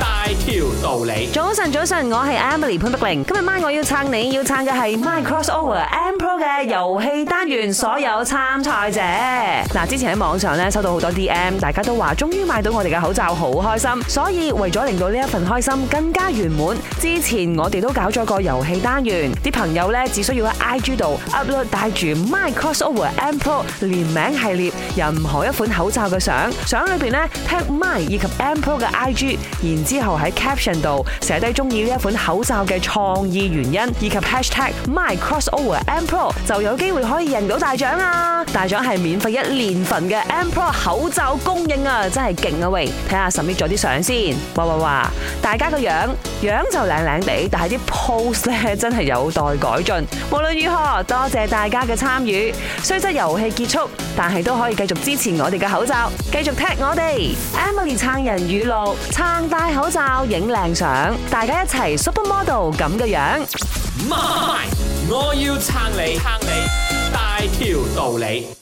大條道理，早晨早晨，我係 Emily 潘碧玲，今日晚我要撐你要撐嘅係 My Crossover EMPRO 嘅遊戲單元所有參賽者。嗱，之前喺網上咧收到好多 DM，大家都話終於買到我哋嘅口罩，好開心。所以為咗令到呢一份開心更加圓滿，之前我哋都搞咗個遊戲單元，啲朋友咧只需要喺 IG 度 upload 戴住 My Crossover EMPRO 聯名系列任何一款口罩嘅相，相裏邊咧 tag My 以及 EMPRO 嘅 IG，然之後喺 caption 度寫低中意呢一款口罩嘅創意原因，以及 hashtag my crossover EMPRO 就有機會可以贏到大獎啊！大獎係免費一年份嘅 EMPRO 口罩供應啊，真係勁啊！喂，睇下 submit 咗啲相先，嘩嘩嘩，大家個樣。樣就靚靚地，但係啲 pose 咧真係有待改進。無論如何，多謝大家嘅參與。雖則遊戲結束，但係都可以繼續支持我哋嘅口罩，繼續踢我哋。Emily 撐人語錄，撐戴口罩影靚相，大家一齊 supermodel 咁嘅樣。媽咪，我要撐你，撐你大條道理。